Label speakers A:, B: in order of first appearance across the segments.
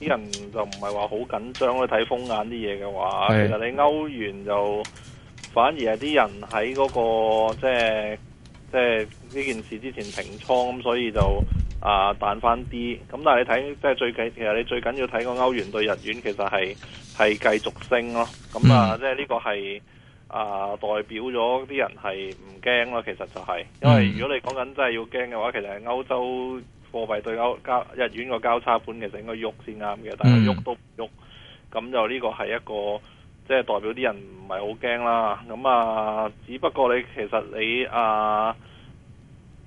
A: 啲人就唔係話好緊張去睇風眼啲嘢嘅話，的其實你歐元就反而係啲人喺嗰、那個即係即係呢件事之前平倉咁，所以就啊彈翻啲。咁、呃、但係你睇即係最緊，其實你最緊要睇個歐元對日元，其實係係繼續升咯。咁、嗯、啊，即係呢個係啊、呃、代表咗啲人係唔驚咯。其實就係、是，因為如果你講緊真係要驚嘅話，其實係歐洲。貨幣對歐交日元個交叉盤其實應該喐先啱嘅，但係喐都唔喐，咁就呢個係一個即係代表啲人唔係好驚啦。咁啊，只不過你其實你啊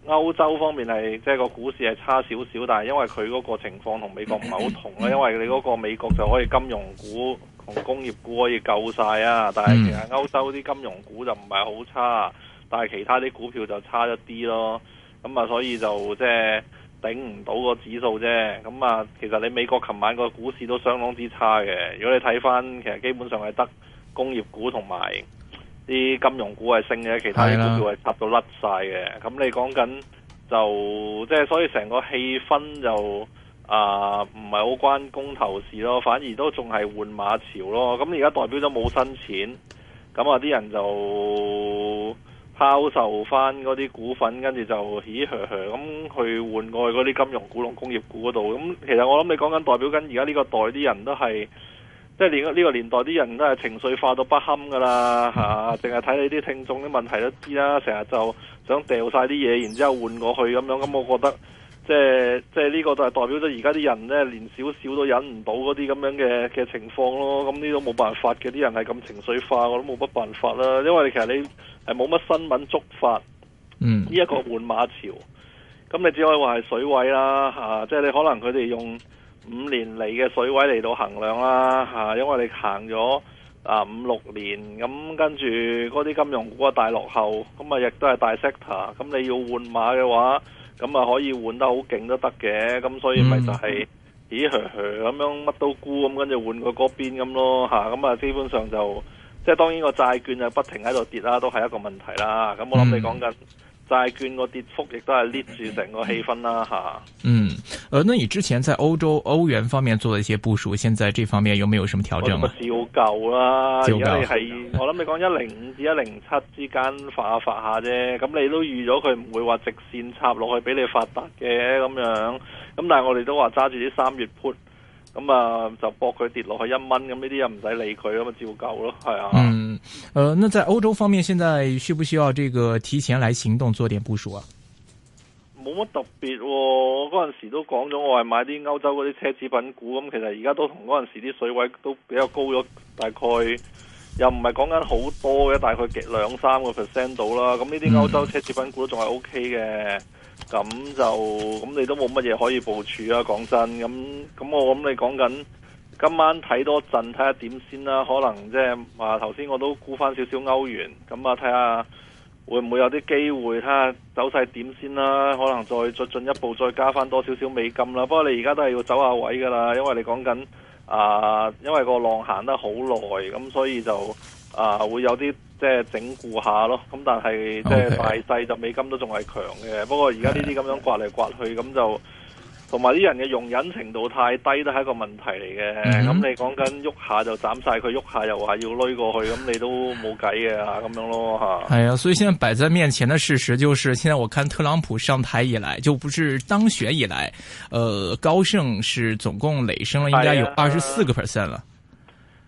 A: 歐洲方面係即係個股市係差少少，但係因為佢嗰個情況同美國唔係好同咯， 因為你嗰個美國就可以金融股同工業股可以夠晒啊，但係其實歐洲啲金融股就唔係好差，但係其他啲股票就差一啲咯。咁啊，所以就即係。頂唔到個指數啫，咁啊，其實你美國琴晚個股市都相當之差嘅。如果你睇返，其實基本上係得工業股同埋啲金融股係升嘅，其他啲股票係插到甩晒嘅。咁的你講緊就即係，所以成個氣氛就啊，唔係好關公投事咯，反而都仲係換馬潮咯。咁而家代表咗冇新錢，咁啊啲人就。拋售翻嗰啲股份，跟住就唏噓噓咁去換過去嗰啲金融股、龍工業股嗰度。咁其實我諗你講緊代表緊而家呢個代啲人都係，即係呢個呢個年代啲人都係情緒化到不堪㗎喇吓，淨係睇你啲聽眾啲問題都知啦，成日就想掉晒啲嘢，然之後換過去咁樣，咁、嗯、我覺得。即係即係呢個就係代表咗而家啲人咧連少少都忍唔到嗰啲咁樣嘅嘅情況咯，咁呢都冇辦法嘅，啲人係咁情緒化，我都冇乜辦法啦。因為其實你係冇乜新聞觸發，嗯，呢一個換馬潮，咁你、嗯嗯、只可以話係水位啦，吓、啊，即係你可能佢哋用五年嚟嘅水位嚟到衡量啦，吓、啊，因為你行咗啊五六年，咁、嗯、跟住嗰啲金融股啊大落後，咁啊亦都係大 sector，咁、嗯、你要換馬嘅話。咁啊，可以換得好勁都得嘅，咁所以咪就係，咦呵咁樣乜都沽，咁跟住換個嗰邊咁咯，嚇，咁啊基本上就，即係當然個債券就不停喺度跌啦，都係一個問題啦，咁我諗你講緊。債券個跌幅亦都係捏住成個氣氛啦吓。嗯，
B: 誒，那你之前在歐洲歐元方面做了一些部署，現在這方面有沒有什麼調整啊？
A: 照舊啦，如舊你係、嗯、我諗你講一零五至一零七之間發下發下啫，咁、嗯、你都預咗佢唔會話直綫插落去俾你發達嘅咁樣，咁但係我哋都話揸住啲三月 put。咁啊，就搏佢跌落去一蚊，咁呢啲又唔使理佢，咁啊照舊咯，係啊。嗯，
B: 誒、呃，那在歐洲方面，現在需不需要這個提前來行動，做點部署啊？
A: 冇乜特別、哦，我嗰陣時都講咗，我係買啲歐洲嗰啲奢侈品股，咁其實而家都同嗰陣時啲水位都比較高咗，大概又唔係講緊好多嘅，大概兩三個 percent 到啦。咁呢啲歐洲奢侈品股都仲係 O K 嘅。咁就咁，你都冇乜嘢可以部署啊！講真，咁咁我諗你講緊今晚睇多陣，睇下點先啦，啊。可能即係，嘛，頭先我都估翻少少歐元，咁啊睇下會唔會有啲機會，睇下走勢點先啦，啊。可能再再進一步再加翻多少少美金啦。不過你而家都係要走下位噶啦，因為你講緊啊，因為個浪行得好耐，咁所以就。啊，會有啲即係整固下咯，咁但係即係賣勢就，是、Okay. 就美金都仲係強嘅，Okay. 不過而家呢啲咁樣刮嚟刮去咁 Yeah. 就，同埋啲人嘅容忍程度太低都係一個問題嚟嘅，咁你講緊喐下就斬晒佢，喐下又話要推過去，咁你都冇計嘅啊，咁樣咯吓。
B: 哎、嗯、呀，嗯嗯、所以現在擺在面前嘅事實就是，現在我看特朗普上台以來，就不是當選以來，呃，高盛是總共累升了應該有二十四個 percent 了。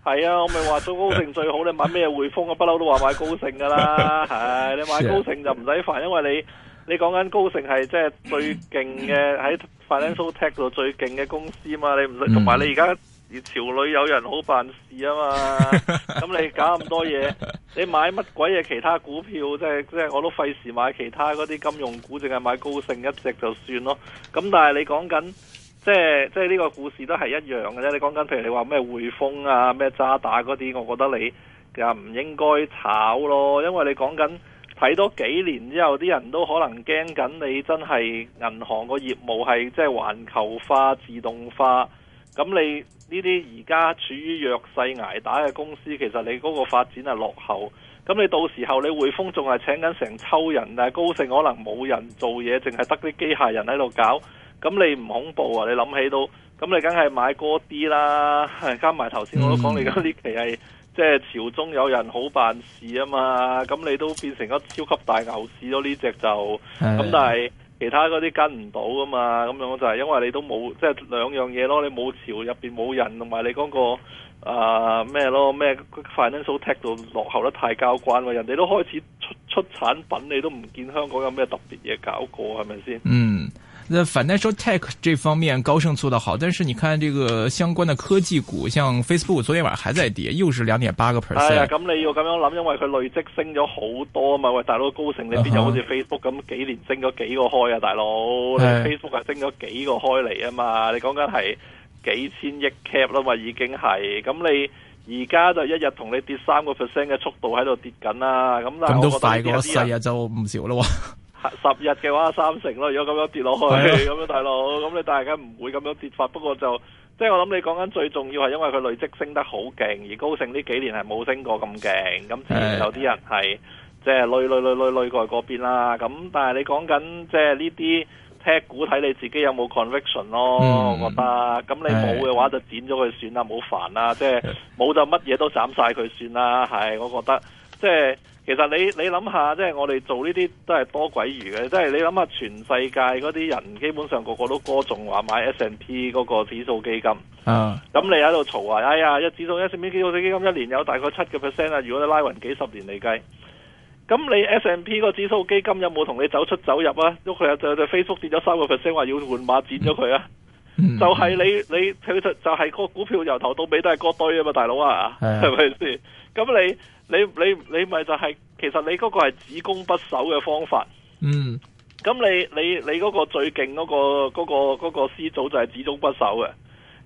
A: 係啊，我咪話做高盛最好你買咩匯豐啊，不嬲都話買高盛噶啦，係、啊、你買高盛就唔使煩，因為你你講緊高盛係即係最勁嘅喺、嗯、financial tech 度最勁嘅公司嘛，你唔使同埋你而家潮流有人好辦事啊嘛，咁 你搞咁多嘢，你買乜鬼嘢其他股票，即係即係我都費事買其他嗰啲金融股，淨係買高盛一隻就算咯，咁但係你講緊。即係即係呢個故事都係一樣嘅啫。你講緊譬如你話咩匯豐啊、咩渣打嗰啲，我覺得你其實唔應該炒咯，因為你講緊睇多幾年之後，啲人都可能驚緊你真係銀行個業務係即係環球化、自動化。咁你呢啲而家處於弱勢挨打嘅公司，其實你嗰個發展係落後。咁你到時候你匯豐仲係請緊成抽人但係，高盛可能冇人做嘢，淨係得啲機械人喺度搞。咁你唔恐怖啊？你諗起到，咁你梗係買多啲啦。加埋頭先我都講，嗯、你呢期係即係朝中有人好辦事啊嘛。咁你都變成咗超級大牛市咯呢隻就，咁的但係其他嗰啲跟唔到啊嘛。咁樣就係因為你都冇，即係兩樣嘢咯。你冇朝入邊冇人，同埋你嗰、嗰個啊咩、呃、咯咩 financial tech 度落後得太交關，人哋都開始出出產品，你都唔見香港有咩特別嘢搞過，係咪先？嗯。
B: 那反彈收 tech，呢方面高盛做得好，但是你看這個相關嘅科技股，像 Facebook，昨天晚上還在跌，又是兩點八個 percent。係啊，咁、
A: 哎、你要咁樣諗，因為佢累積升咗好多嘛。喂，大佬，高盛你邊有、uh huh. 好似 Facebook 咁幾年升咗幾個開啊？大佬，Facebook 係升咗幾個開嚟啊嘛？你講緊係幾千億 cap 啦嘛，已經係咁，你而家就一日同你跌三個 percent 嘅速度喺度跌緊啦、啊。咁咁都快過細
B: 啊，就唔少咯。
A: 十日嘅話三成咯，如果咁樣跌落去咁 樣，大佬咁你大家唔會咁樣跌法。不過就即係、就是、我諗你講緊最重要係因為佢累積升得好勁，而高盛呢幾年係冇升過咁勁。咁之前有啲人係 即係累,累累累累累過過邊啦。咁但係你講緊即係呢啲踢股睇你自己有冇 conviction 咯，我覺得。咁你冇嘅話就剪咗佢算啦，冇煩啦。即係冇就乜嘢都斬晒佢算啦。係，我覺得即係。其實你你諗下，即係我哋做呢啲都係多鬼魚嘅，即係你諗下全世界嗰啲人，基本上個個都歌頌話買 S&P 嗰個指數基金。
B: 咁、
A: 啊嗯、你喺度嘈話，哎呀，一指數 S&P 指數基金一年有大概七個 percent 啊，如果你拉匀幾十年嚟計，咁你 S&P 個指數基金有冇同你走出走入啊？喐佢下就就 Facebook 跌咗三個 percent，話要換馬剪咗佢啊？嗯、就係你你其實就係、是、個股票由頭到尾都係割堆啊嘛，大佬啊，係咪先？咁你？你你你，你你你咪就係，其實你嗰個係只攻不守嘅方法。嗯。咁你你你嗰個最勁嗰個嗰個嗰個師祖就係只攻不守嘅。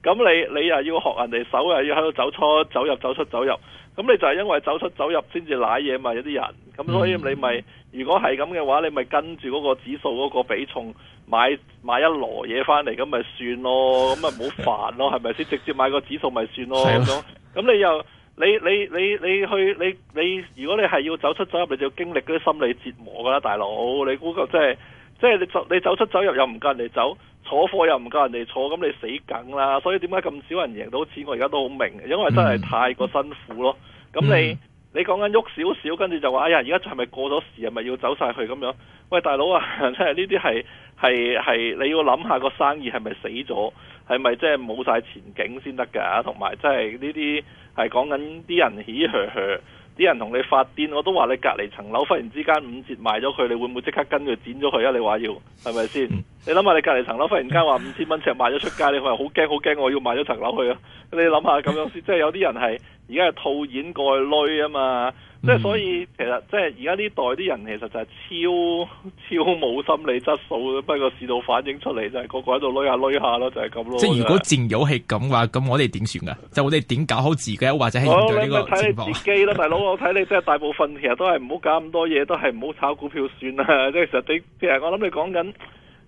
A: 咁你你又要學人哋守，又要喺度走出走入、走出、走入。咁你就係因為走出、走入先至舐嘢嘛，有啲人。咁所以你咪，如果係咁嘅話，你咪跟住嗰個指數嗰個比重買買一籮嘢翻嚟，咁咪算咯，咁咪唔好煩咯，係咪先？直接買個指數咪算咯咁咯。咁你又。 你你你你去你你如果你係要走出走入，你就要經歷嗰啲心理折磨噶啦，大佬。你估個即係即係你走你走出走入又唔夠人哋走，坐貨又唔夠人哋坐，咁你死梗啦。所以點解咁少人贏到錢？我而家都好明，因為真係太過辛苦咯。咁、嗯、你你講緊喐少少，跟住就話哎呀，而家係咪過咗時？係咪要走晒去咁樣？喂，大佬啊，即係呢啲係係係你要諗下個生意係咪死咗，係咪即係冇晒前景先得噶，同埋即係呢啲。係講緊啲人起鬨，啲人同你發癲。我都話你隔離層樓忽然之間五折賣咗佢，你會唔會即刻跟佢剪咗佢啊？你話要係咪先？你諗下你隔離層樓忽然間話五千蚊尺賣咗出街，你係好驚好驚？我要賣咗層樓去啊？你諗下咁樣先，即係有啲人係而家係套現過去攏啊嘛。即係、嗯、所以，其實即係而家呢代啲人其實就係超超冇心理質素咯。不過市道反映出嚟就係、是、個個喺度濾下濾下咯，就係咁咯。即係是如果
B: 戰友係咁話，咁我哋點算噶？ 就我哋點搞好自己，或者係面對呢個情況？睇你自
A: 己啦。大佬。我睇你即係大部分其實都係唔好搞咁多嘢，都係唔好炒股票算啦。即係 其實你其實我諗你講緊，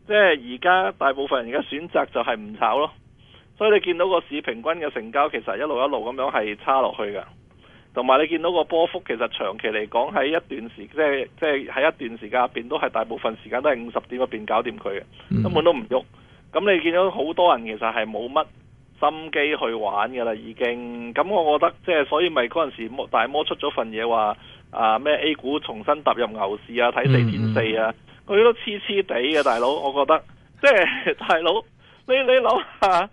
A: 即係而家大部分人而家選擇就係唔炒咯。所以你見到個市平均嘅成交其實一路一路咁樣係差落去嘅。同埋你見到個波幅其實長期嚟講喺一段時即係即係喺一段時間入邊都係大部分時間都係五十點入邊搞掂佢嘅，根本都唔喐。咁你見到好多人其實係冇乜心機去玩嘅啦，已經。咁我覺得即係、即係、所以咪嗰陣時大摩出咗份嘢話啊咩 A 股重新踏入牛市啊，睇四千四啊，佢、嗯嗯、都黐黐地嘅大佬，我覺得即係、即係、大佬，你你諗下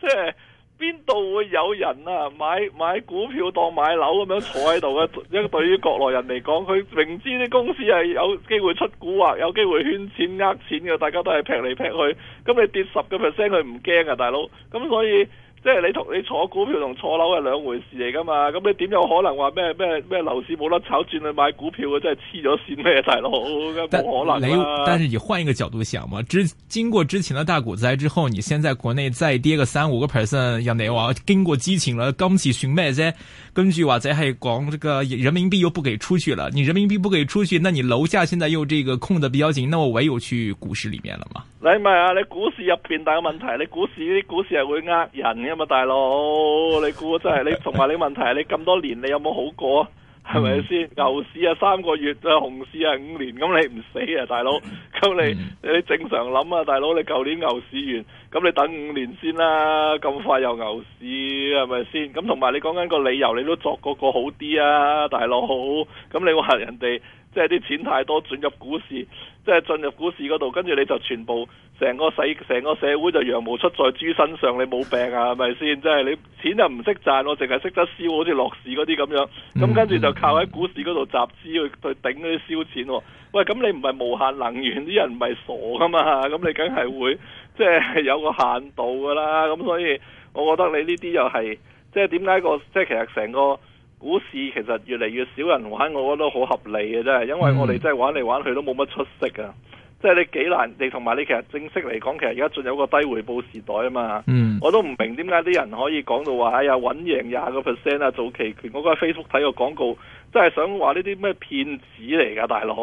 A: 即係。即係邊度會有人啊，買買股票當買樓咁樣坐喺度嘅？因為對於國內人嚟講，佢明知啲公司係有機會出股啊，有機會圈錢呃錢嘅，大家都係劈嚟劈去。咁你跌十個 percent，佢唔驚啊，大佬。咁所以。即係你同你坐股票同坐樓係兩回事嚟噶嘛？咁你點有可能話咩咩咩樓市冇得炒轉去買股票啊？真係黐咗線咩大佬，咁冇可能你，但係
B: 你換一個角度想嘛，之經過之前嘅大股災之後，你先在國內再跌個三五個 percent，又你話經過激情了，今次算咩啫。根據或者係講，這個人民幣又不給出去了。你人民幣不給出去，那你樓下現在又這個控得比較緊，那我唯有去股市裏面啦嘛。
A: 你咪啊，你股市入邊大個問題，你股市啲股市係會呃人、啊。咁啊，大佬，你估真係你同埋你問題係你咁多年你有冇好過？係咪先牛市啊，三個月啊，熊市啊，五年咁你唔死啊，大佬。咁你你正常諗啊，大佬，你舊年牛市完，咁你等五年先啦，啊，咁快又牛市係咪先？咁同埋你講緊個理由，你都作個個好啲啊，大佬。咁你話人哋。即係啲錢太多轉入股市，即係進入股市嗰度，跟住你就全部成個社成個社會就羊毛出在豬身上，你冇病啊，係咪先？即係你錢又唔識賺，我淨係識得燒，好似落市嗰啲咁樣。咁跟住就靠喺股市嗰度集資去去頂嗰啲燒錢喎。喂，咁你唔係無限能源，啲人唔係傻噶嘛？咁你梗係會即係有個限度㗎啦。咁所以我覺得你呢啲又係即係點解個即係其實成個。股市其實越嚟越少人玩，我覺得好合理嘅真係，因為我哋真係玩嚟玩去都冇乜出息啊！即係你幾難，你同埋你其實正式嚟講，其實而家進入一個低回報時代啊嘛。嗯，我都唔明點解啲人可以講到話哎呀穩贏廿個 percent 啊做期權，我 Facebook 睇個廣告，真係想話呢啲咩騙子嚟㗎大佬，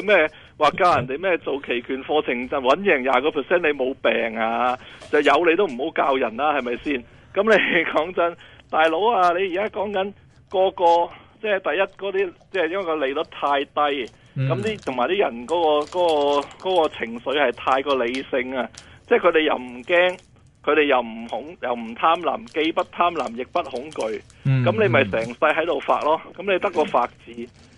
A: 你咩話教人哋咩做期權課程就穩贏廿個 percent？你冇病啊？就有你都唔好教人啦、啊，係咪先？咁你講真，大佬啊，你而家講緊。個個即係第一嗰啲，即係因為個利率太低，咁啲同埋啲人嗰、嗰個嗰、嗰個嗰個情緒係太過理性啊！即係佢哋又唔驚，佢哋又唔恐，又唔貪婪，既不貪婪亦不恐懼。咁、嗯嗯、你咪成世喺度發咯。咁你得個發字，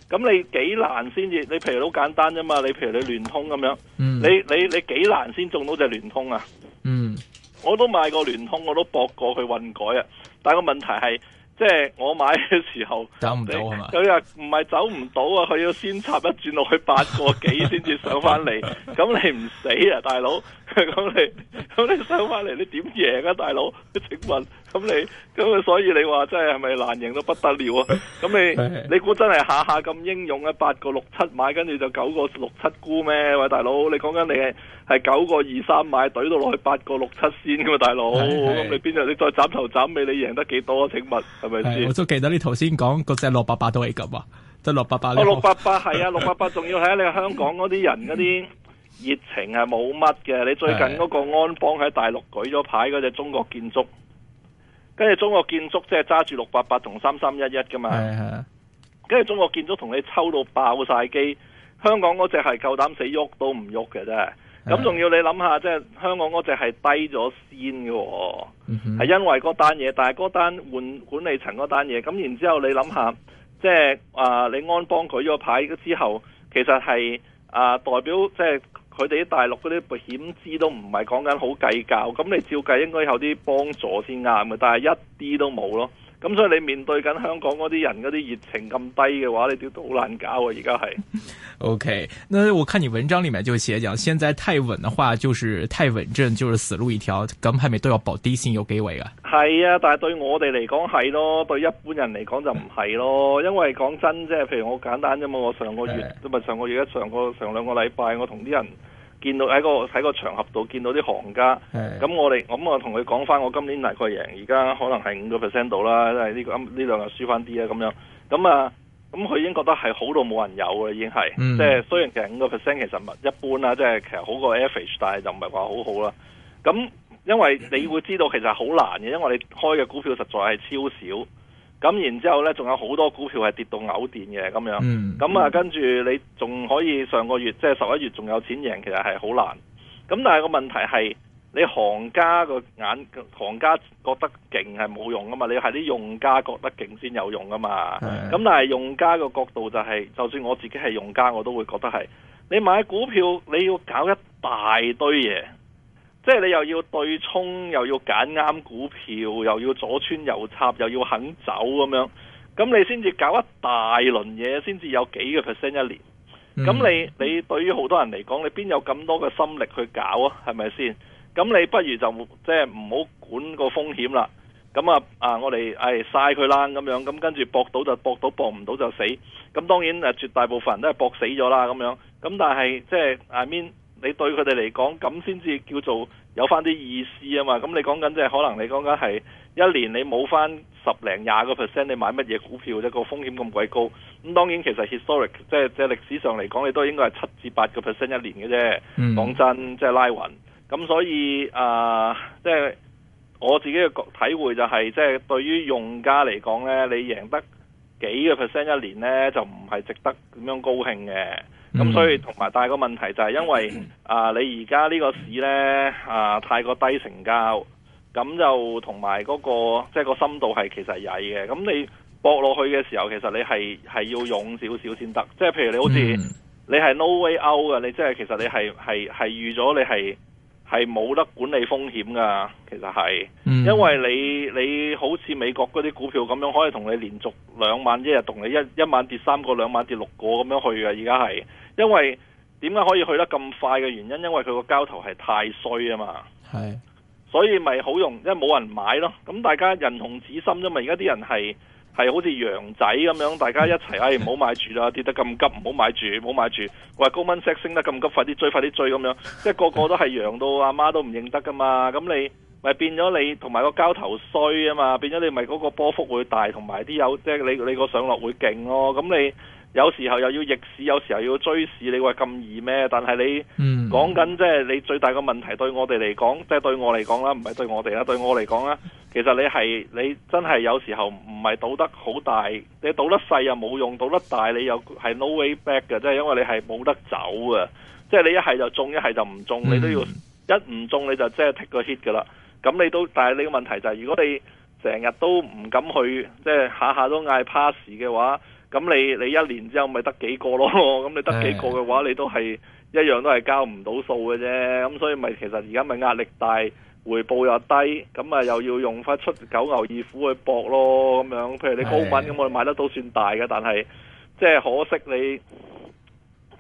A: 咁你幾難先至？你譬如好簡單啫嘛，你譬如你聯通咁樣，嗯、你你你幾難先中到隻聯通啊？嗯，嗯我都買過聯通，我都博過去混改啊，但係個問題係。即係我買嘅時候
B: 走唔到係嘛？
A: 佢話唔係走唔到啊，佢要先插一轉落去八個幾先至上翻嚟，咁 你唔死啊，大佬！咁、 嗯、你咁、嗯、你收翻嚟你點贏啊，大佬？請問咁、嗯、你咁啊、嗯？所以你話真係係咪難贏到不得了啊？咁 你你估真係下下咁英勇啊？八個六七買，跟住就九個六七沽咩？喂，大佬，你講緊你係係九個二三買懟到落去八個六七先噶嘛？大佬是，咁你邊度？你再斬頭斬尾你贏得幾多啊？請問係咪先？我都
B: 記得你頭先講嗰隻六八八都係咁啊，即係六八八六八
A: 八係啊，六八八仲要係 你香港嗰啲人嗰啲。 熱情係冇乜嘅，你最近嗰個安邦喺大陸舉咗牌嗰隻中國建築，跟住中國建築即係揸住六八八同三三一一噶嘛，跟住中國建築同你抽到爆晒機，香港嗰隻係夠膽死喐都唔喐嘅啫。係，咁仲要你諗下，即係香港嗰隻係低咗先嘅喎，係 mm hmm. 因為嗰單嘢，但係嗰單換管理層嗰單嘢，咁然之後你諗下，即係啊，你安邦舉咗牌之後，其實係啊代表即係。即係佢哋啲大陸嗰啲險資都唔係講緊好計較，咁你照計應該有啲幫助先啱嘅，但係一啲都冇咯。咁所以你面對緊香港嗰啲人嗰啲熱情咁低嘅話，你都好難搞啊！而家係
B: OK。那我看你文章裡面就寫講，現在太穩嘅話就是太穩陣，就是死路一條。咁係咪都要保啲先？有機會啊？
A: 係啊，但係對我哋嚟講係咯，對一般人嚟講就唔係咯。 因為講真即係，譬如我簡單啫嘛，我上個月都唔係 上個月，上個，上，個上兩個禮拜，我同啲人，人。見到喺個喺個場合度見到啲行家，咁的、嗯、我哋，咁我同佢講翻，我今年大概贏，而家可能係五個 percent 度啦，即係呢個呢兩日輸翻啲啦。咁樣，咁、嗯、啊，咁佢已經覺得係好到冇人有嘅，已經係，即係、嗯嗯嗯、雖然其實五個 percent 其實一般啦，即係其實好過 average，但係就唔係話好好啦。咁、嗯、因為你會知道其實好難嘅，因為你開嘅股票實在係超少。咁然之後呢，仲有好多股票係跌到嘔電嘅咁樣，咁啊跟住你仲可以上個月即係十一月仲有錢贏，其實係好難。咁但係個問題係，你行家個眼，行家覺得勁係冇用噶嘛？你係啲用家覺得勁先有用噶嘛？咁的但係用家個角度就係、是，就算我自己係用家，我都會覺得係你買股票你要搞一大堆嘢，即係你又要對沖，又要揀啱股票，又要左穿右插，又要肯走咁樣，咁你先至搞一大輪嘢，先至有幾個 percent 一年。咁、嗯、你你對於好多人嚟講，你邊有咁多嘅心力去搞啊？係咪先？咁你不如就即係唔好管個風險啦。咁啊啊，我哋係、哎、曬佢啦。咁樣，咁跟住博到就博到，博唔到，到就死。咁當然誒，絕大部分人都係博死咗啦咁樣。咁但係即係 I mean。你對佢哋嚟講，咁先至叫做有翻啲意思啊嘛！咁你講緊即係可能，你講緊係一年你冇翻十零廿個 percent，你買乜嘢股票啫？個風險咁鬼高，咁當然其實 historic 即係即係歷史上嚟講，你都應該係七至八個 percent 一年嘅啫。嗯，講真，即係拉勻咁，所以啊，呃，即係我自己嘅體會就係，即係對於用家嚟講咧，你贏得幾個 percent 一年咧，就唔係值得咁樣高興嘅。咁、mm hmm. 所以同埋大個問題就係因為啊，你而家呢個市咧啊，太過低成交，咁就同埋嗰個即係、就是、個深度係其實曳嘅。咁你搏落去嘅時候，其實你係係要用少少先得。即、就、係、是、譬如你好似你係 no way out 嘅，你即係其實你係係係預咗你係。係冇得管理風險噶，其實係，因為你你好似美國嗰啲股票咁樣，可以同你連續兩晚一日同你一一晚跌三個，兩晚跌六個咁樣去嘅，而家係，因為點解可以去得咁快嘅原因，因為佢個交投係太衰啊嘛，係是，所以咪好容易，因為冇人買咯，咁大家人同紙心啫嘛，而家啲人係。係好似羊仔咁樣，大家一齊，哎唔好買住啦，跌得咁急唔好買住，唔好買住！喂，高蚊息升得咁急，快啲追，快啲追咁樣，即係個個都係羊到阿媽都唔認得噶嘛。咁你咪變咗你同埋個交頭衰啊嘛，變咗你咪嗰個波幅會大，同埋啲有即係你你個上落會勁咯、哦。咁你。有時候又要逆市，有時候要追市。你話咁易咩？但係你講緊即係你最大個問題對我哋嚟講，即係對我嚟講啦，唔係對我哋啦，對我嚟講啦，其實你係你真係有時候唔係賭得好大，你賭得細又冇用，賭得大你又係 no way back 嘅，即係因為你係冇得走嘅。即係你一係就中，一係就唔中，你都要一唔中你就即係 take 個 hit 噶啦。咁你都，但係你個問題就係，如果你成日都唔敢去，即係下下都嗌 pass 嘅話。咁你你一年之後咪得幾個咯？咁你得幾個嘅話，你都係一樣都係交唔到數嘅啫。咁所以咪其實而家咪壓力大，回報又低，咁咪又要用翻出九牛二虎去搏咯。咁樣，譬如你高品咁，我買得到算大嘅，但係即係可惜你。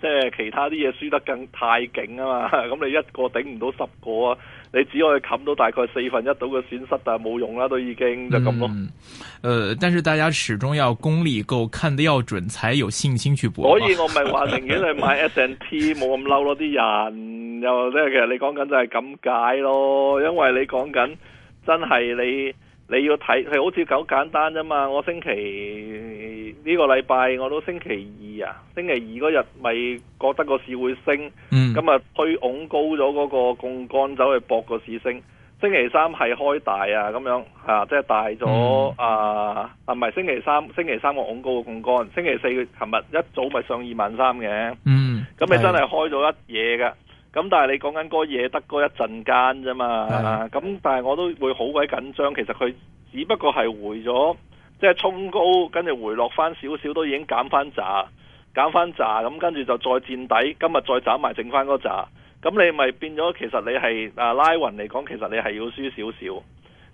A: 即係其他啲嘢輸得更太勁啊嘛，咁你一個頂唔到十個啊，你只可以冚到大概四分一到嘅損失，但係冇用啦，都已經就咁咯。誒、嗯
B: 呃，但是大家始終要功力夠，看得要準，才有信心去博。所以我咪話寧願
A: 你買 S&P，冇咁嬲咯啲人。又咧，其實你講緊就係咁解咯，因為你講緊真係你。你要睇係好似好簡單啫嘛！我星期呢、這個禮拜我都星期二啊，星期二嗰日咪覺得個市會升，咁啊、嗯、推擁高咗嗰個槓桿走去博個市升。星期三係開大啊咁樣嚇，即係大咗、嗯、啊，唔係星期三，星期三我擁高個槓桿，星期四琴日一早咪上二萬三嘅，咁你、嗯、真係開咗一嘢㗎。嗯咁但係你講緊嗰嘢得嗰一陣間啫嘛，咁吧、啊、但係我都會好鬼緊張。其實佢只不過係回咗，即係衝高，跟住回落翻少少，都已經減翻扎，減翻扎，咁跟住就再見底。今日再斬埋，剩翻嗰扎，咁、嗯、你咪變咗？其實你係誒、啊、拉匀嚟講，其實你係要輸少少。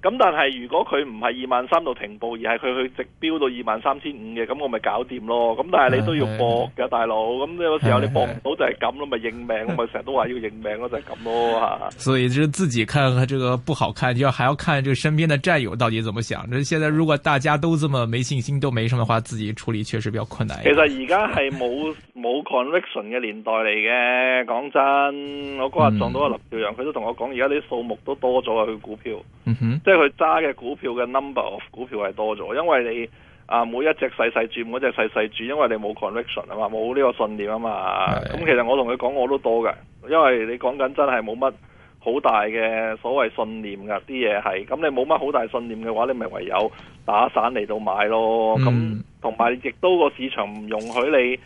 A: 咁但係如果佢唔係二萬三度停步，而係佢去直飆到二萬三千五嘅，咁我咪搞掂咯。咁但係你都要搏㗎， 大佬。咁你有時候你搏唔到就係咁咯，咪 認命。 我咪成日都話要認命，我就係、是、咁咯吓。
B: 所以就自己看看這個不好看，就要還要看這個身邊的戰友到底怎麼想。這現在如果大家都這麼沒信心，都沒什麼的話，自己處理確實比較困難。其實
A: 而家係冇。冇 conviction 嘅年代嚟嘅，講真，我嗰日撞到阿林兆陽，佢、嗯、都同我講，而家啲數目都多咗啊，佢股票，嗯、哼即係佢揸嘅股票嘅 number of 股票係多咗，因為你啊每一隻細細注，每隻細細注，因為你冇 conviction 啊嘛，冇呢個信念啊嘛，咁的其實我同佢講我都多嘅，因為你講緊真係冇乜好大嘅所謂信念㗎，啲嘢係，咁你冇乜好大信念嘅話，你咪唯有打散嚟到買咯，咁同埋亦都個市場唔容許你。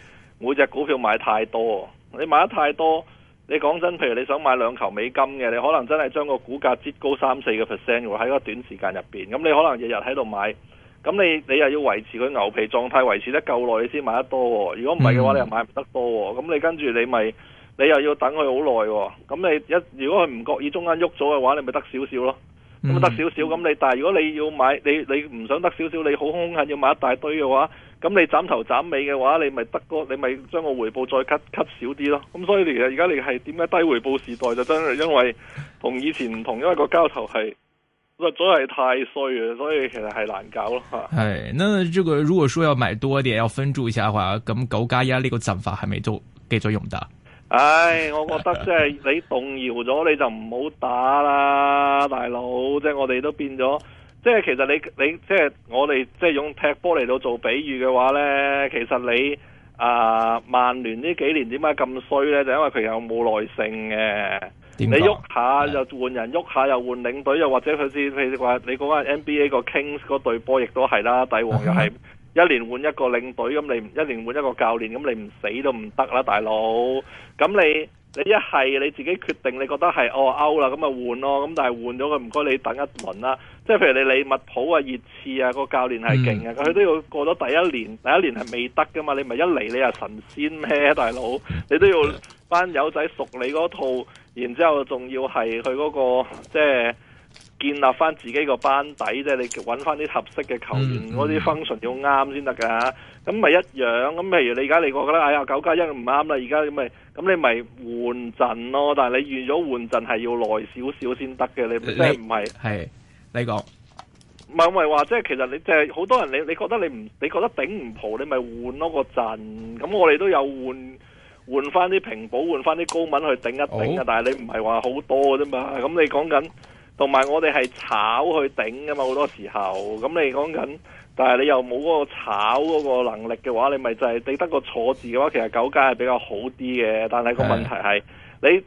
A: 每隻股票買太多，你買得太多，你講真，譬如你想買兩球美金嘅，你可能真係將個股價折高三四個 percent 喎，喺個短時間入邊。咁你可能日日喺度買，咁你你又要維持佢牛皮狀態，維持得夠耐你先買得多喎。如果唔係嘅話，你又買唔得多喎。咁、嗯、你跟住你咪，你又要等佢好耐喎。咁你一如果佢唔覺意中間喐咗嘅話，你咪得少少咯。咁、嗯嗯、得少少，咁你但係如果你要買，你你唔想得少少，你好兇狠要買一大堆嘅話，咁你斬頭斬尾嘅話，你咪得個，你咪將個回報再 cut cut 少啲咯。咁、嗯、所以其實而家你係點解低回報時代就真係因為同以前唔同，因為個交投係實在係太衰啊，所以其實係難搞
B: 咯吓。係，呢個如果說要買多啲，要分注一下嘅話，咁九加一呢個陣法係咪都繼續用得？
A: 唉、 哎，我覺得即係你動搖咗，你就唔好打啦，大佬！即、就、係、是、我哋都變咗，即、就、係、是、其實你你即係、就是、我哋即係用踢波嚟到做比喻嘅話呢，其實你啊，曼、呃、聯呢幾年點解咁衰呢？就因為佢有冇耐性嘅，你喐下又 換人，喐下又換領隊，又或者佢似譬如話你講緊 NBA 個 Kings 嗰隊波，亦都係啦，底王又、就、係、是。嗯一年換一個領隊咁你一年換一個教練咁你唔死都唔得啦大佬，咁你你一係你自己決定你覺得係哦，歐啦咁咪換咯，咁但係換咗佢，唔該你等一輪啦，即係譬如你利物浦啊熱刺啊，個教練係勁啊，佢都要過咗第一年，第一年係未得噶嘛，你咪一嚟你係神仙咩大佬，你都要班友仔熟你嗰套，然之後仲要係佢嗰個即係。建立翻自己個班底，即係你搵翻啲合適嘅球員，嗰啲 function 要啱先得噶。咁咪一樣。咁譬如你而家你覺得哎呀九加一唔啱啦，而家咁咪咁你咪換陣咯。但係你預咗換陣係要耐少少先得嘅。你即係唔係？
B: 係你講
A: 唔係我咪話，即係、即係、其實你即係好多人你，你你覺得你唔你覺得頂唔浦，你咪換嗰個陣。咁我哋都有換換翻啲平保，換翻啲高文去頂一頂啊。哦、但係你唔係話好多嘅啫嘛。咁你講緊。同埋我哋係炒去頂嘅嘛，好多時候咁你講緊，但係你又冇嗰個炒嗰個能力嘅話，你咪就係、是、你得個坐字嘅話，其實九街係比較好啲嘅。但係個問題係，是啊、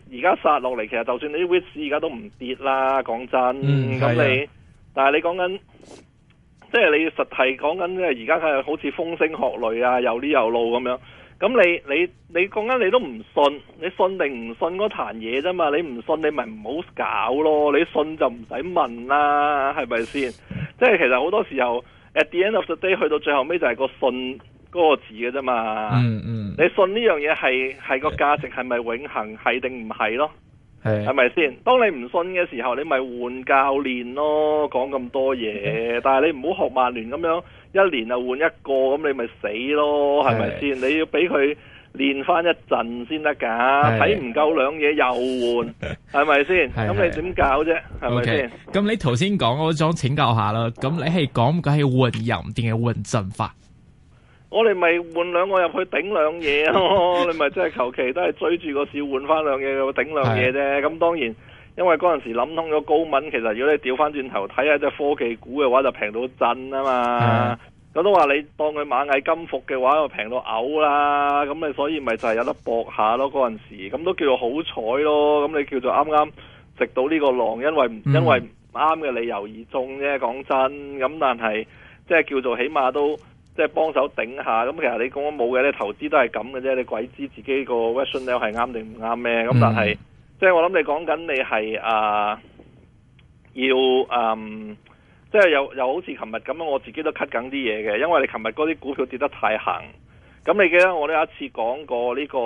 A: 你而家殺落嚟，其實就算你 w h i s 而家都唔跌啦，講真。嗯，咁你，是啊、但係你講緊，即、就、係、是、你實係講緊，即係而家係好似風聲學雷啊，又呢又路咁樣。咁你你你講緊你都唔信，你信定唔信嗰壇嘢啫嘛？你唔信你咪唔好搞咯，你信就唔使問啦，係咪先？ 即係其實好多時候 ，at the end of the day 去到最後尾就係個信嗰個字嘅啫嘛。嗯嗯，你信呢樣嘢係係個價值係咪永恆係定唔係咯？係咪先？ 當你唔信嘅時候，你咪換教練咯，講咁多嘢，但係你唔好學曼聯咁樣。一年又換一個，咁你咪死咯，係咪先？是是你要俾佢練翻一陣先得噶，睇唔夠兩嘢又換，係咪先？咁是是 你點搞啫？係咪先？
B: 咁你頭先講嗰種請教下啦。咁你係講緊係換人定係換陣法？
A: 我哋咪換兩個入去頂兩嘢咯。你咪即係求其都係追住個市換翻兩嘢，頂兩嘢啫。咁當然。因為嗰陣時諗通咗高敏，其實如果你調翻轉頭睇下隻科技股嘅話，就平到震啊嘛。咁 都話你當佢螞蟻金服嘅話，又平到嘔啦。咁你所以咪就係有得搏下咯。嗰陣時咁都叫做好彩咯。咁你叫做啱啱食到呢個浪，因為因為啱嘅理由而中啫。講真，咁但係即係叫做起碼都即係幫手頂下。咁其實你講緊冇嘅咧，你投資都係咁嘅啫。你鬼知自己個 version 係啱定唔啱咩？咁但係。即係我諗你講緊你係啊、呃，要嗯，即係又又好似琴日咁樣，我自己都 cut 緊啲嘢嘅，因為你琴日嗰啲股票跌得太行，咁你記得我有一次講過呢、這個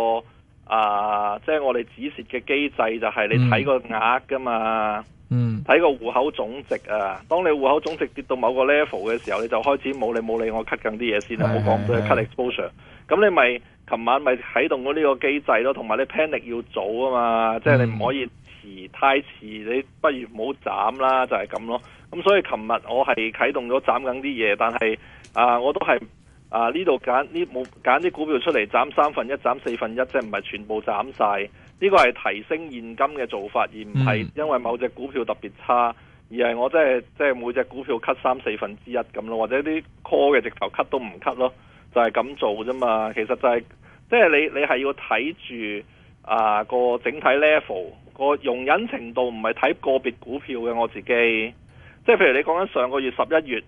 A: 啊、呃，即係我哋止蝕嘅機制就係你睇個額㗎嘛，嗯，睇個戶口總值啊，當你戶口總值跌到某個 level 嘅時候，你就開始冇你冇理，無理我 cut 緊啲嘢先啦，冇講 cut exposure，咁你咪，有琴晚咪啟動咗呢個機制咯，同埋你 panic 要早啊嘛，即係、嗯、你唔可以遲太遲，你不如冇斬啦，就係、是、咁咯。咁、嗯、所以琴日我係啟動咗斬緊啲嘢，但係啊，我都係啊呢度揀呢冇揀啲股票出嚟斬三分一，斬四分一，即係唔係全部斬晒。呢個係提升現金嘅做法，而唔係因為某隻股票特別差，而係我即係即係每隻股票 cut 三四分之一咁咯，或者啲 core 嘅直頭 cut 都唔 cut 咯。就係咁做啫嘛，其實就係、是、即係你你係要睇住啊個整體 level 個容忍程度，唔係睇個別股票嘅。我自己即係譬如你講緊上個月十一月，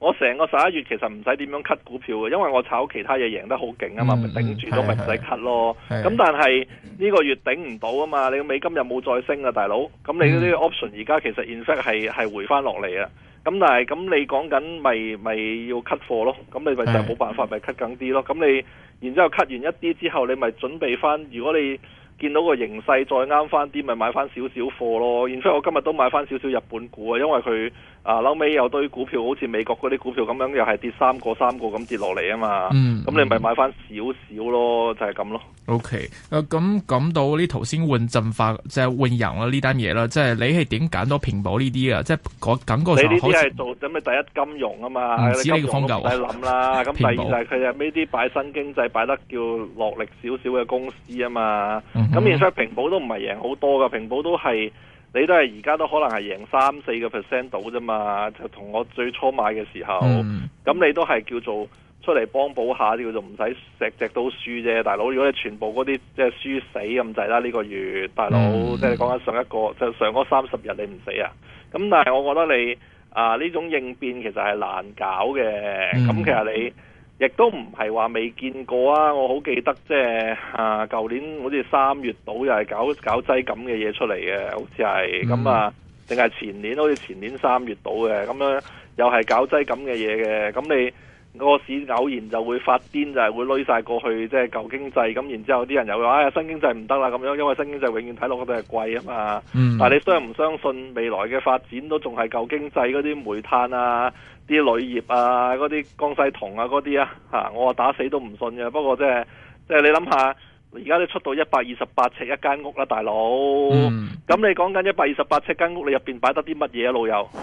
A: 我成個十一月其實唔使點樣 cut 股票嘅，因為我炒其他嘢贏得好勁啊嘛，咪頂、嗯嗯、住都咪唔使 cut 咯。咁但係呢個月頂唔到啊嘛，你個美金又冇再升啊，大佬。咁你嗰啲 option 而家其實 effect 係係回翻落嚟啊。咁但係，咁你講緊咪咪要 cut 貨咯，咁你咪就冇辦法咪 cut 緊啲咯。咁 你然之後 cut 完一啲之後，你咪準備翻。如果你見到個形勢再啱翻啲，咪買翻少少貨咯。然之後我今日都買翻少少日本股啊，因為佢。啊，後尾又對股票，好似美國嗰啲股票咁樣，又係跌三個三個咁跌落嚟啊嘛嗯。嗯，咁你咪買翻少，少少咯，就係、是、咁咯。O、
B: okay. K、啊。誒，咁講到呢頭先換陣法，即係換人啦呢單嘢啦，即係你係點揀到平保呢啲啊？即係感咁個感覺上，你呢啲係
A: 做做咩？第一金融啊嘛，只可以講就係諗啦。咁第二就係佢係呢啲擺新經濟擺得叫落力少少嘅公司啊嘛。咁現實平保都唔係贏好多噶，平保都係。嗯。你都係而家都可能係贏三四個 percent 到啫嘛，就同我最初買嘅時候，咁、嗯、你都係叫做出嚟幫補下，叫做唔使隻只都輸啫，大佬。如果你全部嗰啲即係輸死咁滯啦，呢、呢個月，大佬，即係講緊上一個，就係、上嗰三十日你唔死啊。咁但係我覺得你啊呢、呃、種應變其實係難搞嘅，咁、嗯、其實你。亦都唔係話未見過啊！我好記得即係啊，舊年好似三月到，又係搞搞擠咁嘅嘢出嚟嘅，好似係咁啊，定係前年好似前年三月到嘅咁樣，又係搞擠咁嘅嘢嘅。咁你個市偶然就會發癲就係會濛曬過去，即係舊經濟。咁然之後啲人又話，唉，新經濟唔得啦，咁樣因為新經濟永遠睇落去都係貴啊嘛。嗯、但係你相唔相信未來嘅發展都仲係舊經濟嗰啲煤炭啊？啲鋁業啊，嗰啲江西銅啊，嗰啲啊，嚇，我話打死都唔信嘅。不過即係即係你諗下，而家都出到一百二十八尺一間屋啦，大佬。咁、嗯、你講緊一百二十八尺間屋，你入邊擺得啲乜嘢啊，老友？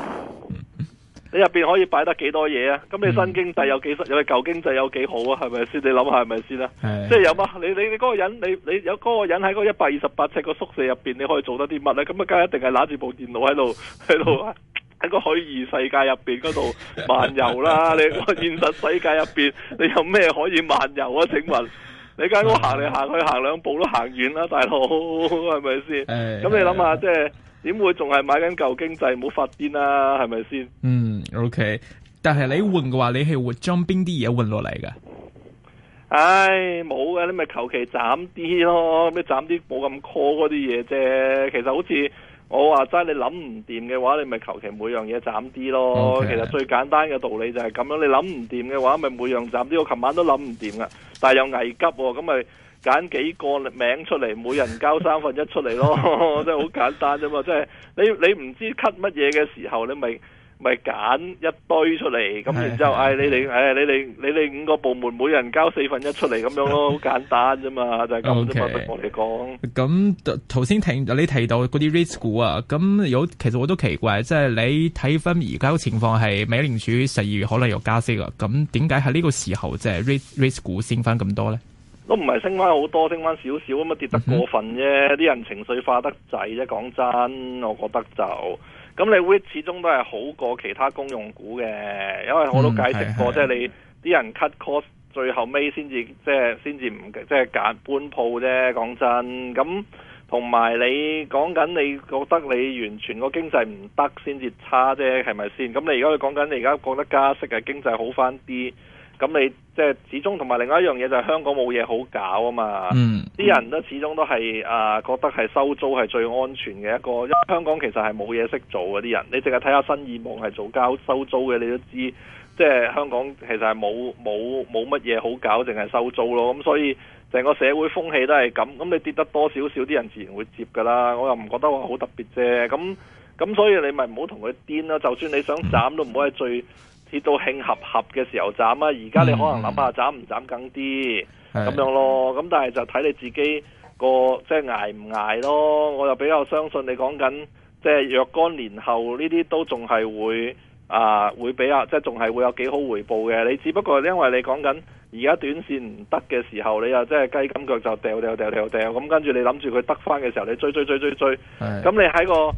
A: 你入邊可以擺得幾多嘢啊？咁你新經濟有幾新？有個舊經濟有幾好啊？係咪先？你諗下係咪先啊？是即係有嘛？你你你嗰個人，你你有嗰個人喺嗰一百二十八尺個宿舍入邊，你可以做得啲乜咧？咁啊，梗係一定係揦住部電腦喺度喺度啊！ 喺個虛擬世界入邊嗰度漫遊啦， 你我現實世界入邊，你有咩可以漫遊啊？請問你間屋行嚟行去行兩步都行遠啦，大佬係咪先？咁、哎、你諗下，哎、即係點會仲係買緊舊經濟，唔好發癲啦、啊？係咪先？
B: 嗯，OK，但係你換嘅話，你係會將邊啲嘢換落嚟㗎？唉、
A: 哎，冇嘅，你咪求其斬啲咯，咁斬啲冇咁 call 嗰啲嘢啫。其實好似。我話齋，你諗唔掂嘅話，你咪求其每樣嘢斬啲咯。Okay. 其實最簡單嘅道理就係咁樣，你諗唔掂嘅話，咪每樣斬啲。我琴晚都諗唔掂噶，但係又危急喎，咁咪揀幾個名出嚟，每人交三分一出嚟咯。 真係好簡單啫嘛，即係你你唔知 cut 乜嘢嘅時候，你咪。咪揀一堆出嚟，咁然之後， 哎你哋，哎你哋，你哋五個部門每人交四份一出嚟咁樣咯，好簡單啫嘛， 就係咁 Okay. 對我嚟講。
B: 咁頭先聽你提到嗰啲 rate 股啊，咁有其實我都奇怪，即係你睇翻而家情況係美聯儲十二月可能又加息啊。咁點解喺呢個時候即係 rate rate 股升翻咁多咧？
A: 都唔係升翻好多，升翻少少吖嘛，跌得過分啫，啲、嗯、哼人情緒化得滯啫，講真，我覺得就。咁你會始終都係好過其他公用股嘅，因為我都解釋過，嗯、即係你啲人 cut cost，最後尾先至即係先至唔即係減搬鋪啫。講真，咁同埋你講緊你覺得你完全個經濟唔得先至差啫，係咪先？咁你而家佢講緊你而家覺得加息嘅經濟好翻啲。咁你即係始終，同埋另外一樣嘢就係香港冇嘢好搞啊嘛，啲、嗯嗯、人始終都始終都係啊覺得係收租係最安全嘅一個。因為香港其實係冇嘢識做嘅啲人，你淨係睇下新業務係做交收租嘅，你都知即係香港其實係冇冇乜嘢好搞，淨係收租咯。咁、嗯、所以成個社會風氣都係咁。咁、嗯、你跌得多少少，啲人自然會接㗎啦。我又唔覺得話好特別啫。咁、嗯、咁、嗯嗯、所以你咪唔好同佢癲咯。就算你想斬都唔好喺最。嗯跌到興合合嘅時候斬啊！而家你可能諗下斬唔斬緊啲咁、嗯、樣咯，咁但係就睇你自己個即係捱唔捱咯。我就比較相信你講緊，即、就、係、是、若干年後呢啲都仲係會啊，會比較即係仲係會有幾好回報嘅。你只不過因為你講緊而家短線唔得嘅時候，你又即係雞咁腳就掉掉掉掉掉咁，跟住你諗住佢得翻嘅時候，你追追追追追，咁、嗯嗯、你喺個。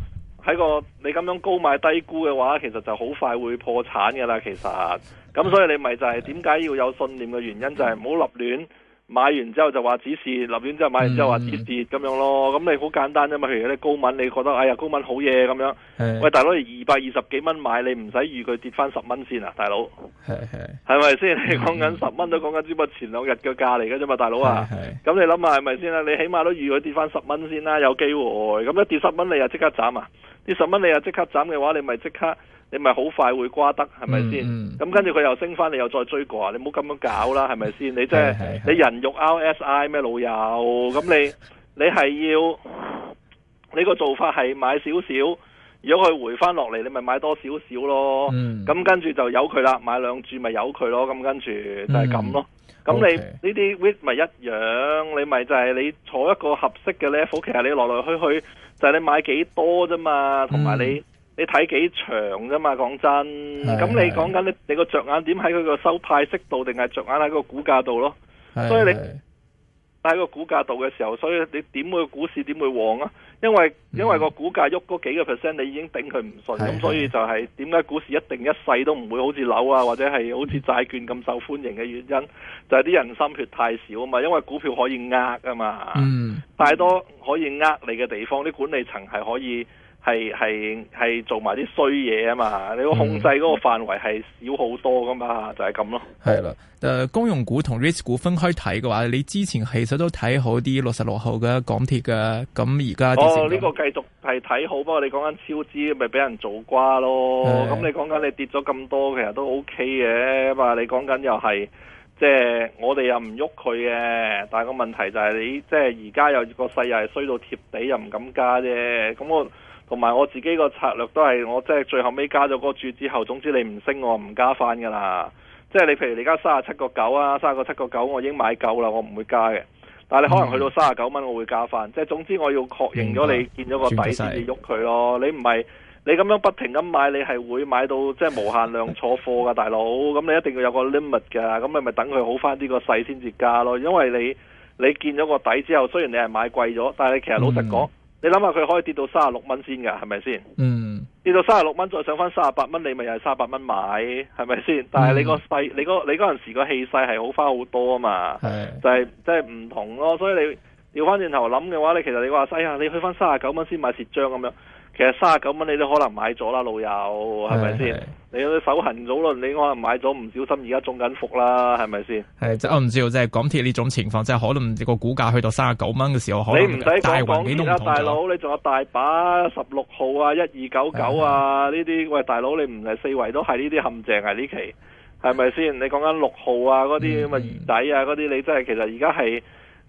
A: 喺個你咁樣高買低沽嘅話，其實就好快會破產㗎喇。其實，咁所以你咪就係點解要有信念嘅原因，就係唔好立亂。買完之後就話指示，立邊之後買完之後話指跌，跌，咁樣咯，咁你好簡單啫嘛。譬如你高敏，你覺得哎呀高敏好嘢咁樣，是喂，大佬二百二十幾蚊買，你唔使預佢跌翻十蚊先啊，大佬係咪先？你講緊十蚊都講緊只不過前兩日嘅價嚟嘅啫嘛，大佬啊，咁你諗下係咪先啦？你起碼都預佢跌翻十蚊先啦，啊，有機會，咁一跌十蚊你又即刻斬啊？跌十蚊你又即刻斬嘅話，你咪即刻。你咪好快會瓜得，係咪先？咁跟住佢又升翻，你又再追過啊！你唔好咁樣搞啦，係咪先？你即係、是是是、你人肉 RSI 咩老友？咁你你係要你個做法係買少少，如果佢回翻落嚟，你咪買多少少咯。咁跟住就由佢啦，買兩注咪由佢咯。咁跟住就係咁咯。咁、嗯、你呢啲 rate 咪一樣，你咪就係你坐一個合適嘅 level。好，其實你來來去去就係、是、你買幾多啫嘛，同埋你。嗯你睇幾長啫嘛？講真，咁是你講緊你你個着眼點喺佢個收派息度，定係着眼喺個股價度咯？
B: 是是是，
A: 所以你喺個股價度嘅時候，所以你點會個股市點會旺啊？因為因為個股價喐嗰幾個 percent，你已經頂佢唔順咁，是是是，所以就係點解股市一定一世都唔會好似樓啊，或者係好似債券咁受歡迎嘅原因，就係、是、啲人心血太少啊嘛。因為股票可以呃啊嘛，大、嗯、多可以呃你嘅地方，啲管理層係可以。係係係做埋啲衰嘢啊嘛！你個控制嗰個範圍係少好多噶嘛，嗯、就係咁咯。係
B: 啦，誒，公用股同 risk 股分開睇嘅話，你之前其實都睇好啲六十六號嘅港鐵嘅，咁而家呢
A: 個繼續係睇好，不過你講緊超支咪俾人做瓜咯。咁的你講緊你跌咗咁多，其實都 OK 嘅。咁你講緊又係即係我哋又唔喐佢嘅，但係個問題就係你即係而家又個勢又係衰到貼地，又唔敢加啫。咁我。同埋我自己個策略都係，我即係最後尾加咗個注之後，總之你唔升我唔加翻噶啦。即係你譬如你而家三十七個九啊，三十七個九我已經買夠啦，我唔會加嘅。但係你可能去到三十九蚊，我會加翻。即係總之我要確認咗你見咗個底先，至喐佢咯。你唔係你咁樣不停咁買，你係會買到即係無限量坐貨噶，大佬。咁你一定要有個 limit 㗎。咁你咪等佢好翻啲個勢先至加咯。因為你你見咗個底之後，雖然你係買貴咗，但你其實老實講。嗯你諗下佢可以跌到三十六蚊先㗎，係咪先？嗯，跌到三十六蚊再上翻三十八蚊，你咪又係三十八蚊買，係咪先？但係你個勢、嗯那個，你嗰你嗰陣時個氣勢係好翻好多啊嘛，係的就係即係唔同咯。所以你調翻轉頭諗嘅話，你其實你話哎呀，你去翻三十九蚊先買蝕張咁樣。其實三十九蚊你都可能買咗啦，老友，係咪先？你手痕早輪，你可能買咗唔小心，而家中緊伏啦，係咪先？
B: 係，我唔知道，即係港鐵呢種情況，即係可能個股價去到三十九蚊嘅時候，可能你唔使講港鐵大佬，
A: 你仲有大把十六號啊，一二九九啊呢啲，喂，大佬你唔係四圍都係呢啲陷阱啊？呢期係咪先？你講緊六號啊，嗰啲咁啊二底啊，嗰啲、嗯、你真係其實而家係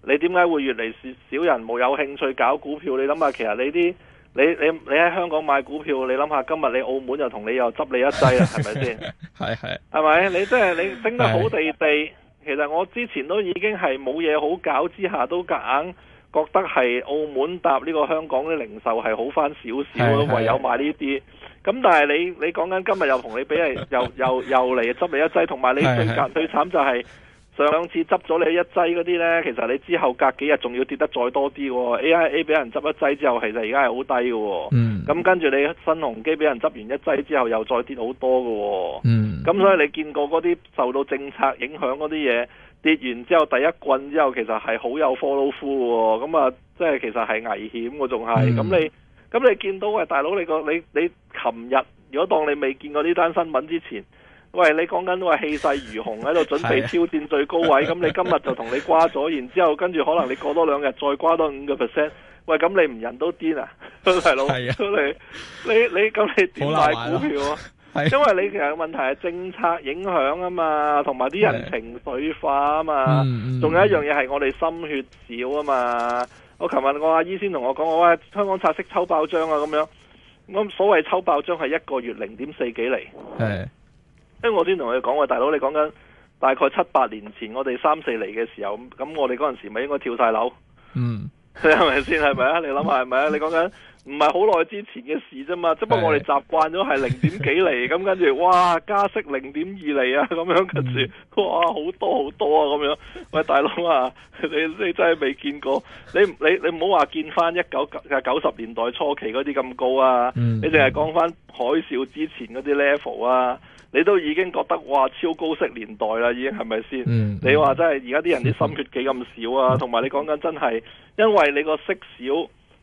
A: 你點解會越嚟越少人冇有興趣搞股票？你諗下，其實你啲。你你你喺香港買股票，你諗下今日你澳門又同你又執你一劑啦，係咪先？係係係咪？你即係你升得好地地，其實我之前都已經係冇嘢好搞之下，都夾硬覺得係澳門搭呢個香港啲零售係好翻少少，唯有買呢啲。咁但係你你講緊今日又同你俾人又又又嚟執你一劑，同埋你最慘最慘就係、是。 上次執咗你一劑嗰啲呢，其實你之後隔幾日仲要跌得再多啲喎、哦。AIA 俾人執一劑之後，其實而家係好低嘅喎、哦。咁、嗯、跟住你新鴻基俾人執完一劑之後，又再跌好多嘅喎、哦。咁、嗯、所以你見過嗰啲受到政策影響嗰啲嘢跌完之後第一棍之後，其實係好有 follow through 嘅喎。咁啊，即係其實係危險嘅仲係。咁、嗯、你咁你見到喂大佬，你個你你琴日如果當你未見過呢單新聞之前。喂，你講緊話氣勢如虹喺度準備挑戰最高位，咁你今日就同你瓜咗，然之後跟住可能你過多兩日再瓜多五個 percent，喂，咁你唔人都癲啊，大佬，你你咁你點買股票啊？係，因為你其實問題係政策影響啊嘛，同埋啲人情緒化啊嘛，仲有一樣嘢係我哋心血少啊嘛。我琴日我阿姨先同我講，我話香港拆息抽爆張啊，咁樣，我所謂抽爆張係一個月零點四幾厘。係。因為我先同佢講，喂，大佬你講緊大概七八年前，我哋三四厘嘅時候，咁我哋嗰陣時咪應該跳晒樓，嗯，係咪先係咪啊？你諗下係咪啊？你講緊唔係好耐之前嘅事啫嘛，即是不過我哋習慣咗係零點幾厘，咁跟住哇加息零點二厘啊，咁樣跟住，嗯，哇好多好多啊，咁樣，喂，大佬啊，你你真係未見過，你你你唔好話見翻一九九九十年代初期嗰啲咁高啊，嗯，你淨係講翻海嘯之前嗰啲 level 啊。你都已經覺得哇超高息年代啦，已經係咪先？嗯嗯、你話真係而家啲人啲心血幾咁少啊？同埋、嗯、你講緊真係，因為你個息少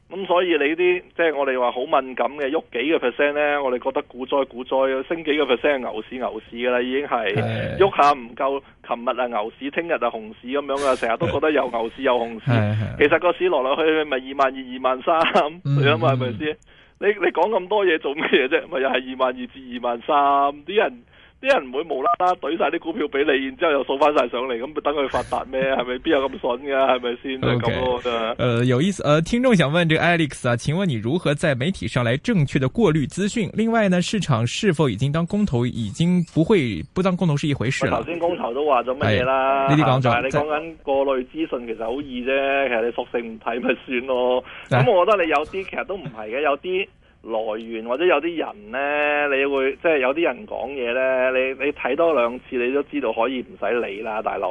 A: 咁，所以你啲即係我哋話好敏感嘅，喐幾個 percent 咧，我哋覺得股災股災，升幾個 percent 係牛市牛市噶啦，已經係喐是下唔夠，琴日啊牛市，聽日啊熊市咁樣啊，成日都覺得有牛市有熊市，嗯嗯、其實個市落落去咪二萬二二萬三咁樣，係咪先？嗯嗯你你講咁多嘢做咩啫？咪又係二萬二至二萬三啲人。啲人唔會無啦啦懟晒啲股票俾你，然之後又掃翻晒上嚟，咁等佢發達咩？係咪？邊有咁筍㗎？係咪先？就咁咯，真係。
B: 誒，有意思。誒、呃，聽眾想問呢個 Alex 啊，請問你如何在媒體上來正確的過濾資訊？另外呢，市場是否已經當公投已經不會不當公投是一回事？頭先
A: 公投都話咗乜嘢啦。呢啲講咗。但係你講緊過濾資訊，其實好易啫。其實你索性唔睇咪算咯。咁、哎、我覺得你有啲其實都唔係嘅，有啲。來源或者有啲人呢，你會即係有啲人講嘢呢，你你睇多兩次，你都知道可以唔使理啦，大佬。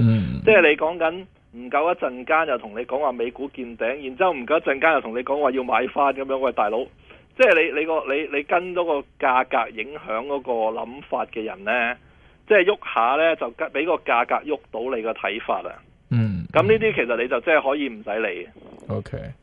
A: 嗯。即係你講緊唔夠一陣間，又同你講話美股見頂，然之後唔夠一陣間又同你講話要買翻咁樣喂，大佬。即係你你個你你跟多個價格影響嗰個諗法嘅人呢，即係喐下呢，就跟俾個價格喐到你個睇法啊。嗯。嗯。咁呢啲其實你就即係可以唔使理 O K。嗯 okay.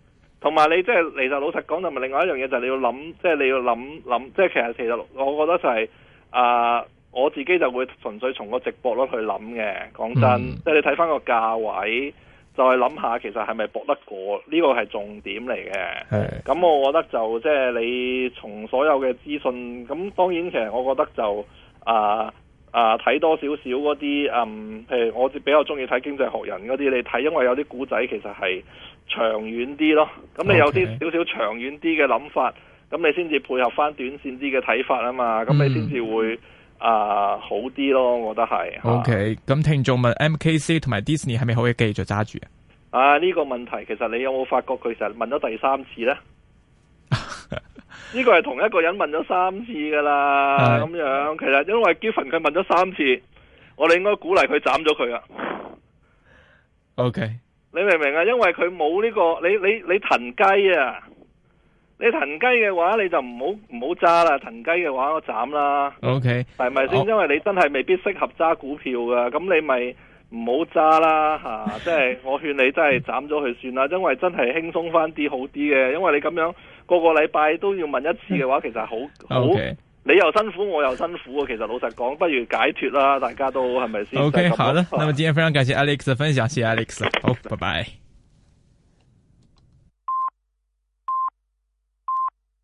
A: 同埋你即係其實老實講，就係另外一樣嘢就係你要諗，即、就、係、是、你要諗諗，即係其實其實我覺得就係、是、啊、呃，我自己就會純粹從個直播率去諗嘅，講真，即係、嗯、你睇翻個價位，再、就、諗、是、下其實係咪搏得過？呢、這個係重點嚟嘅。咁的我覺得就即係、就是、你從所有嘅資訊，咁當然其實我覺得就啊。呃啊！睇多少少嗰啲，嗯，譬如我比較中意睇《經濟學人》嗰啲，你睇，因為有啲古仔其實係長遠啲咯。咁 Okay. 你有啲少少長遠啲嘅諗法，咁你先至配合翻短線啲嘅睇法啊嘛。咁你先至會、嗯、啊好啲咯，我覺得係。OK，
B: 咁聽眾問 MKC 同埋 Disney 係咪可以繼續揸住
A: 啊？啊，呢個問題其實你有冇發覺佢成日問咗第三次呢？呢個係同一個人問咗三次噶啦，咁是樣其實因為 Kevin 佢問咗三次，我哋應該鼓勵佢斬咗佢啊。
B: OK，
A: 你明唔明啊？因為佢冇呢個，你你你騰雞啊，你騰雞嘅話你就唔好唔好揸啦。騰雞嘅話我斬啦。OK，係咪先？因為你真係未必適合揸股票噶，咁你咪唔好揸啦吓。即係我勸你真係斬咗佢算啦，因為真係輕鬆翻啲好啲嘅，因為你咁樣。個個禮拜都要問一次嘅話，其實好，好 Okay. 你又辛苦，我又辛苦，其實老實講，不如解脫啦，大家都係咪先？OK，好啦 Okay,，那麼
B: 今天非常感謝 Alex 嘅分享，謝謝 Alex，好，拜拜。